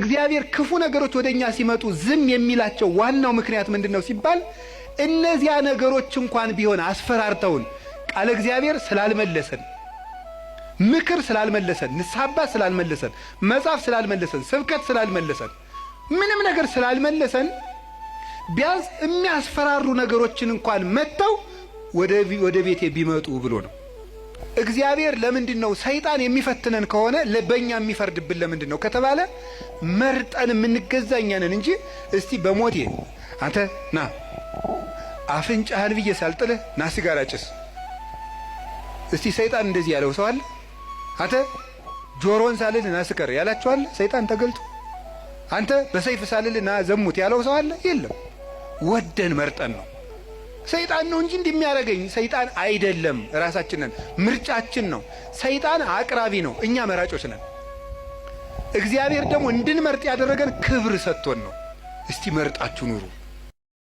እግዚአብሔር ክፉ ነገሮች ወደ እኛ ሲመጡ ዝም የሚላቸው ዋናው ምክንያት ምንድን ነው ሲባል እነዚያ ነገሮች እንኳን ቢሆን አስፈራርተውን ቃለ እግዚአብሔር ስላልመለሰን፣ ምክር ስላልመለሰን፣ ንሳባ ስላልመለሰን፣ መጽሐፍ ስላልመለሰን፣ ስብከት ስላልመለሰን፣ ምንም ነገር ስላልመለሰን ቢያንስ የሚያስፈራሩ ነገሮችን እንኳን መጥተው ወደ ቤቴ ቢመጡ ብሎ ነው። እግዚአብሔር ለምንድን ነው ሰይጣን የሚፈትነን ከሆነ በእኛ የሚፈርድብን ለምንድን ነው ከተባለ መርጠን የምንገዛ እንጂ እስቲ በሞቴ አንተ ና አፍንጫህን ብዬ ሳልጥልህ ና ሲጋራ ጭስ። እስቲ ሰይጣን እንደዚህ ያለው ሰው አለ? አንተ ጆሮን ሳልልህ ና ስከር ያላቸዋል ሰይጣን ተገልጦ። አንተ በሰይፍ ሳልልህ ና ዘሙት ያለው ሰው አለ? የለም። ወደን መርጠን ነው። ሰይጣን ነው እንጂ እንደሚያደርገኝ ሰይጣን አይደለም። ራሳችንን ምርጫችን ነው። ሰይጣን አቅራቢ ነው፣ እኛ መራጮች ነን። እግዚአብሔር ደግሞ እንድንመርጥ ያደረገን ክብር ሰጥቶን ነው። እስቲ መርጣችሁ ኑሩ።